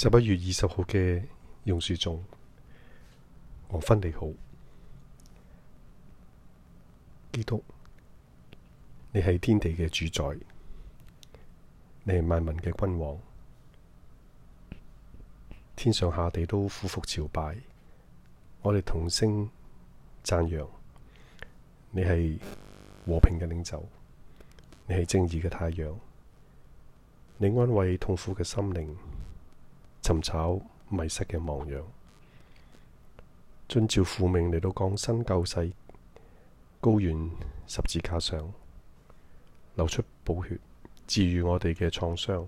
十一月二十號嘅榕樹中，王芬你好，基督，你係天地嘅主宰，你係萬民嘅君王，天上下地都俯伏，伏朝拜，我哋同聲讚揚，你係和平嘅領袖，你係正義嘅太陽，你安慰痛苦嘅心靈。尋找迷失嘅亡羊，遵照父命嚟到降生救世，高原十字架上流出寶血，治癒我哋嘅創傷。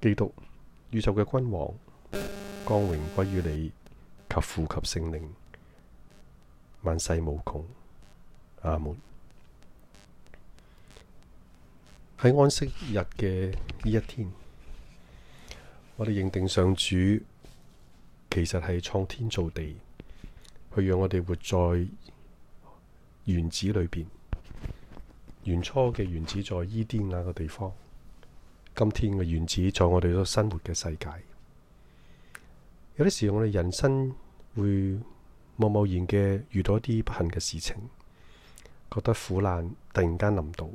基督，宇宙嘅君王，光榮歸於你及父及聖靈，萬世無窮。阿門。喺安息日嘅呢一天。我哋認定上主其實係創天造地，去讓我哋活在園子裏邊。原初嘅園子在伊甸那個地方，今天嘅園子在我哋個生活嘅世界。有啲時候我哋人生會貿貿然嘅遇到一啲不幸嘅事情，覺得苦難突然間臨到，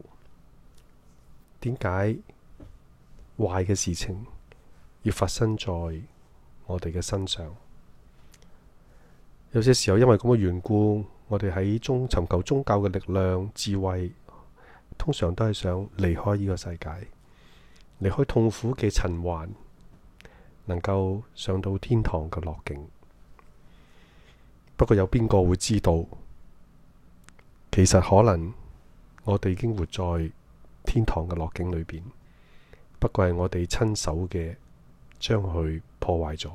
點解壞嘅事情？要發生在我哋嘅身上，有些時候因為咁嘅緣故，我哋喺中尋求宗教嘅力量、智慧，通常都係想離開呢個世界，離開痛苦嘅循環，能夠上到天堂嘅樂境。不過有邊個會知道？其實可能我哋已經活在天堂嘅樂境裏邊，不過係我哋親手嘅。將佢破壞咗，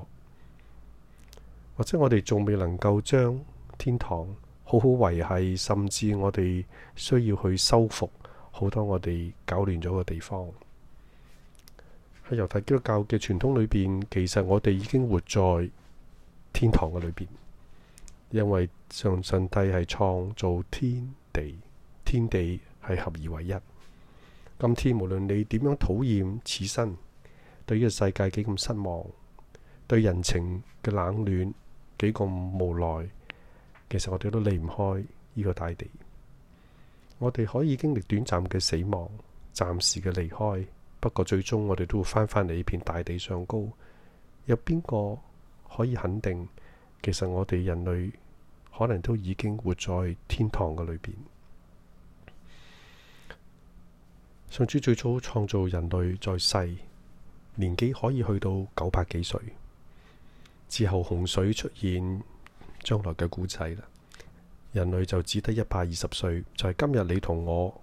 或者我哋仲未能夠將天堂好好維繫，甚至我哋需要去修復好多我哋搞亂咗嘅地方。喺猶太基督教嘅傳統裏邊，其實我哋已經活在天堂嘅裏邊，因為上神帝係創造天地，天地係合而為一。今天無論你點樣討厭此生。對呢個世界幾咁失望，對人情嘅冷暖幾咁無奈。其實我哋都離唔開呢個大地。我哋可以經歷短暫嘅死亡，暫時嘅離開，不過最終我哋都會翻返嚟呢片大地上高。有邊個可以肯定？其實我哋人類可能都已經活在天堂嘅裏邊。上主最早創造人類在世，年紀可以去到九百幾歲，之後洪水出現，將來嘅古仔啦，人類就只得一百二十歲。就係今日你同我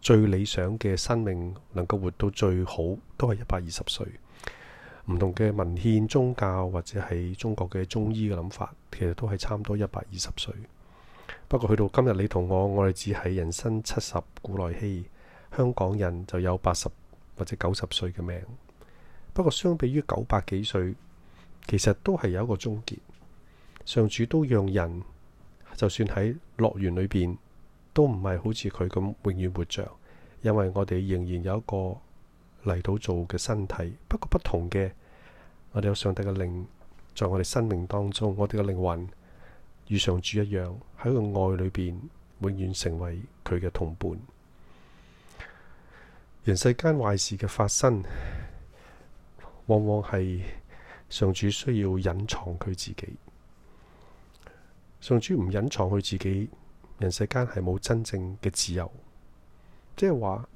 最理想嘅生命，能夠活到最好都係一百二十歲。唔同嘅文獻、宗教或者喺中國嘅中醫嘅諗法，其實都係差唔多一百二十歲。不過去到今日，你同我，我哋只係人生七十古來稀，香港人就有八十或者九十歲嘅命。不過相比於九百幾歲，其實都係有一個終結。上主都讓人就算喺樂園裏邊都唔係好似佢咁永遠活着，因為我哋仍然有一個泥土做嘅身體。不過不同嘅，我哋有上帝嘅靈，在我哋生命當中，我哋嘅靈魂與上主一樣喺個愛裏邊，永遠成為佢嘅同伴。人世間壞事嘅發生。往往係上主需要隱藏佢自己，上主唔隱藏佢自己，人世間係冇真正嘅自由。即係話，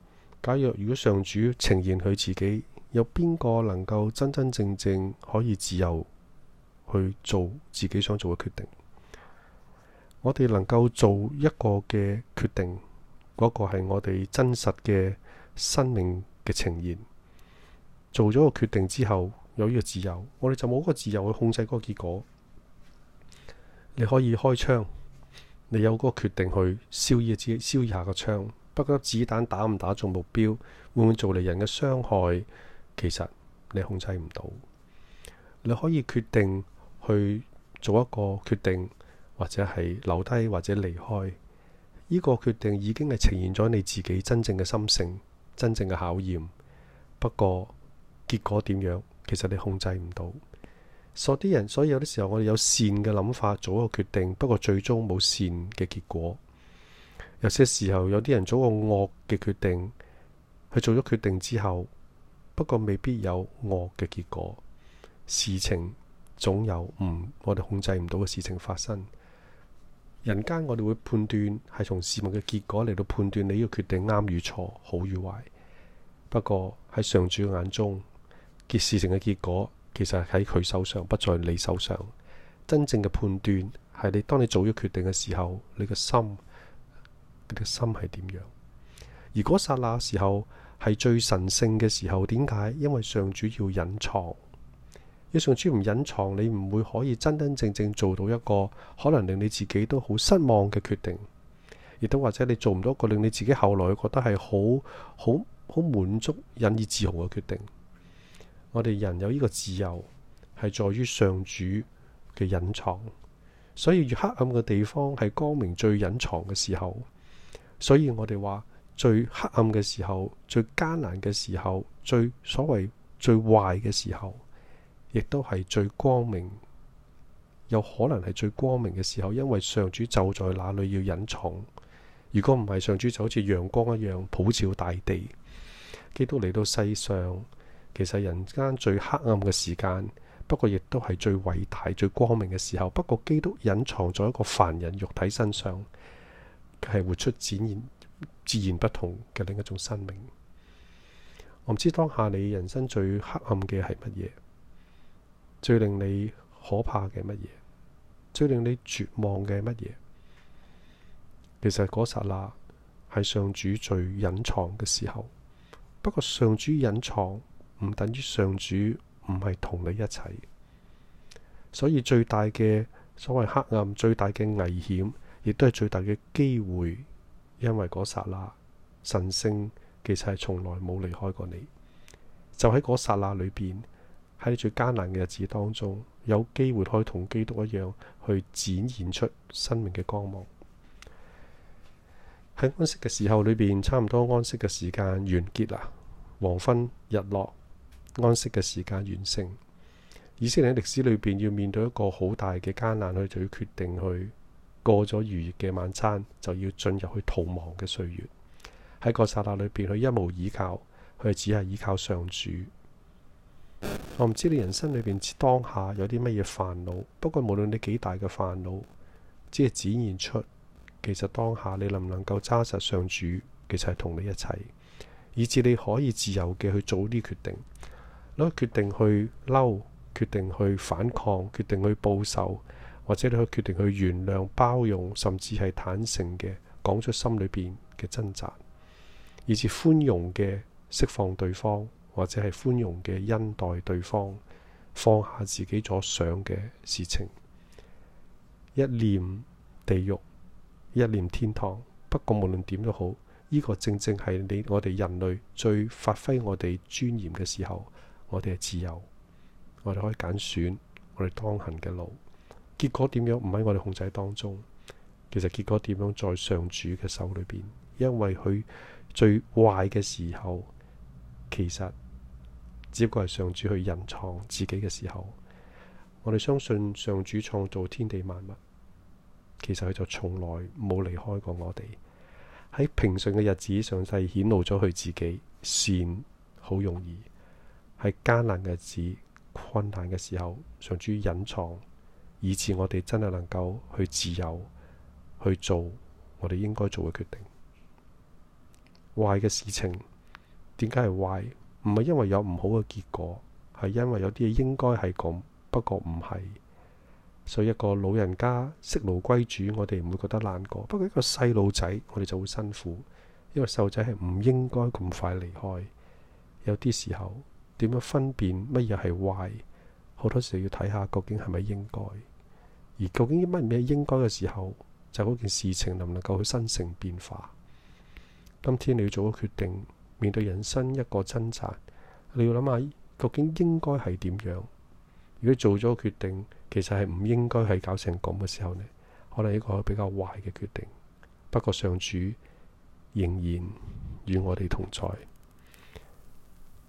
假若如果上主呈現佢自己，有邊個能夠真真正正可以自由去做自己想做嘅決定？我哋能夠做一個嘅決定，嗰個係我哋真實嘅生命嘅呈現。做咗個決定之後，有呢個自由，我哋就冇個自由去控制嗰個結果。你可以開槍，你有個決定去燒熱支燒熱下個槍，不過子彈打唔打中目標，會唔會做嚟人嘅傷害？其實你控制唔到。你可以決定去做一個決定，或者係留低，或者離開。呢、這個決定已經係呈現咗你自己真正嘅心性，真正嘅考驗。不過，結果點樣？其實你控制唔到。所啲人，所以有啲時候我哋有善嘅諗法，做一個決定，不過最終冇善嘅結果。有些時候有啲人做一個惡嘅決定，去做咗決定之後，不過未必有惡嘅結果。事情總有唔我哋控制唔到嘅事情發生。人間我哋會判斷係從事物嘅結果嚟到判斷你呢個決定啱與錯、好與壞。不過喺上主嘅眼中。件事情嘅結果其實喺佢手上，不在你手上。真正嘅判斷，係你當你做咗決定嘅時候，你嘅心，你嘅心係點樣？而嗰剎那時候係最神聖嘅時候，點解？因為上主要隱藏。若上主唔隱藏，你唔會可以真真正正做到一個可能令你自己都好失望嘅決定，亦都或者你做唔到一個令你自己後來覺得係好好好滿足引以自豪嘅決定。我哋人有呢個自由，係在於上主嘅隱藏。所以越黑暗嘅地方，係光明最隱藏嘅時候。所以我哋話最黑暗嘅時候、最艱難嘅時候、最所謂最壞嘅時候，亦都係最光明，有可能係最光明嘅時候。因為上主就在那裏要隱藏。如果唔係，上主就好似陽光一樣普照大地。基督嚟到世上。其實人間最黑暗嘅時間，不過亦都係最偉大、最光明嘅時候。不過，基督隱藏在一個凡人肉體身上，係活出展現自然不同嘅另一種生命。我唔知當下你人生最黑暗嘅係乜嘢，最令你可怕嘅乜嘢，最令你絕望嘅乜嘢。其實，嗰剎那係上主最隱藏嘅時候，不過上主隱藏，唔等於上主唔係同你一齊，所以最大嘅所謂黑暗，最大嘅危險，亦都係最大嘅機會，因為嗰剎那，神聖其實係從來冇離開過你，就喺嗰剎那裏邊，喺最艱難嘅日子當中，有機會可以同基督一樣去展現出生命嘅光芒。喺安息嘅時候裏邊，差唔多安息嘅時間完結啦，黃昏、日落。安息嘅時間完成。以色列喺歷史裏邊要面對一個好大嘅艱難，佢就要決定去過咗逾越嘅晚餐，就要進入去逃亡嘅歲月。喺個剎那裏邊，佢一無依靠，佢只係依靠上主。我唔知你人生裏邊知當下有啲乜嘢煩惱，不過無論你幾大嘅煩惱，只係展現出其實當下你能唔能夠揸實上主，其實係同你一齊，以致你可以自由嘅去做啲決定。咯，決定去嬲，決定去反抗，決定去報仇，或者你去以決定去原諒、包容，甚至係坦誠嘅講出心裏邊嘅掙扎，以至寬容嘅釋放對方，或者係寬容嘅恩待對方，放下自己所想嘅事情。一念地獄，一念天堂。不過無論點都好，呢個正正係你我哋人類最發揮我哋尊嚴嘅時候。我哋係自由，我哋可以揀選我哋當行嘅路。結果點樣唔喺我哋控制當中。其實結果點樣在上主嘅手裏邊，因為佢最壞嘅時候，其實只不過係上主去隱藏自己嘅時候。我哋相信上主創造天地萬物，其實佢就從來冇離開過我哋。喺平順嘅日子，上帝顯露咗佢自己善，好容易。係艱難嘅日子，困難嘅時候，常注意隱藏，以致我哋真係能夠去自由去做我哋應該做嘅決定。壞嘅事情點解係壞？唔係因為有唔好嘅結果，係因為有啲嘢應該係咁，不過唔係。所以一個老人家息勞歸主，我哋唔會覺得難過。不過一個細路仔，我哋就好辛苦，因為細路仔係唔應該咁快離開。有啲時候。點樣分辨乜嘢係壞？好多時候要睇下究竟係咪應該，而究竟乜嘢應該嘅時候，就嗰件事情能唔能夠去生成變化？今天你要做個決定，面對人生一個掙扎，你要諗下究竟應該係點樣？如果做咗決定，其實係唔應該係搞成咁嘅時候呢，可能一個比較壞嘅決定。不過上主仍然與我哋同在。